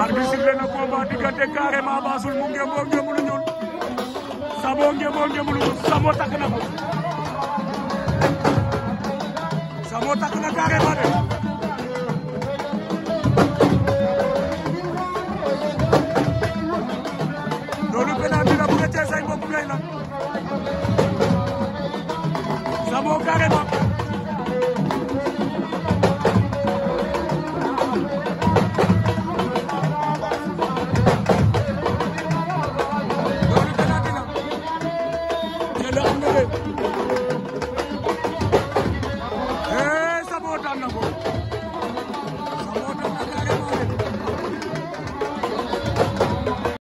arbitre sifflé na combat diggante carrément Bassoul mu ngemboo ngembulu ñun Sabo ngemboo ngembulu Sabo takk na ko Sabo takk na carrément de loolu penalty la bu nga cee say bopp ngay nag Sabo carrément eh Sabo daan na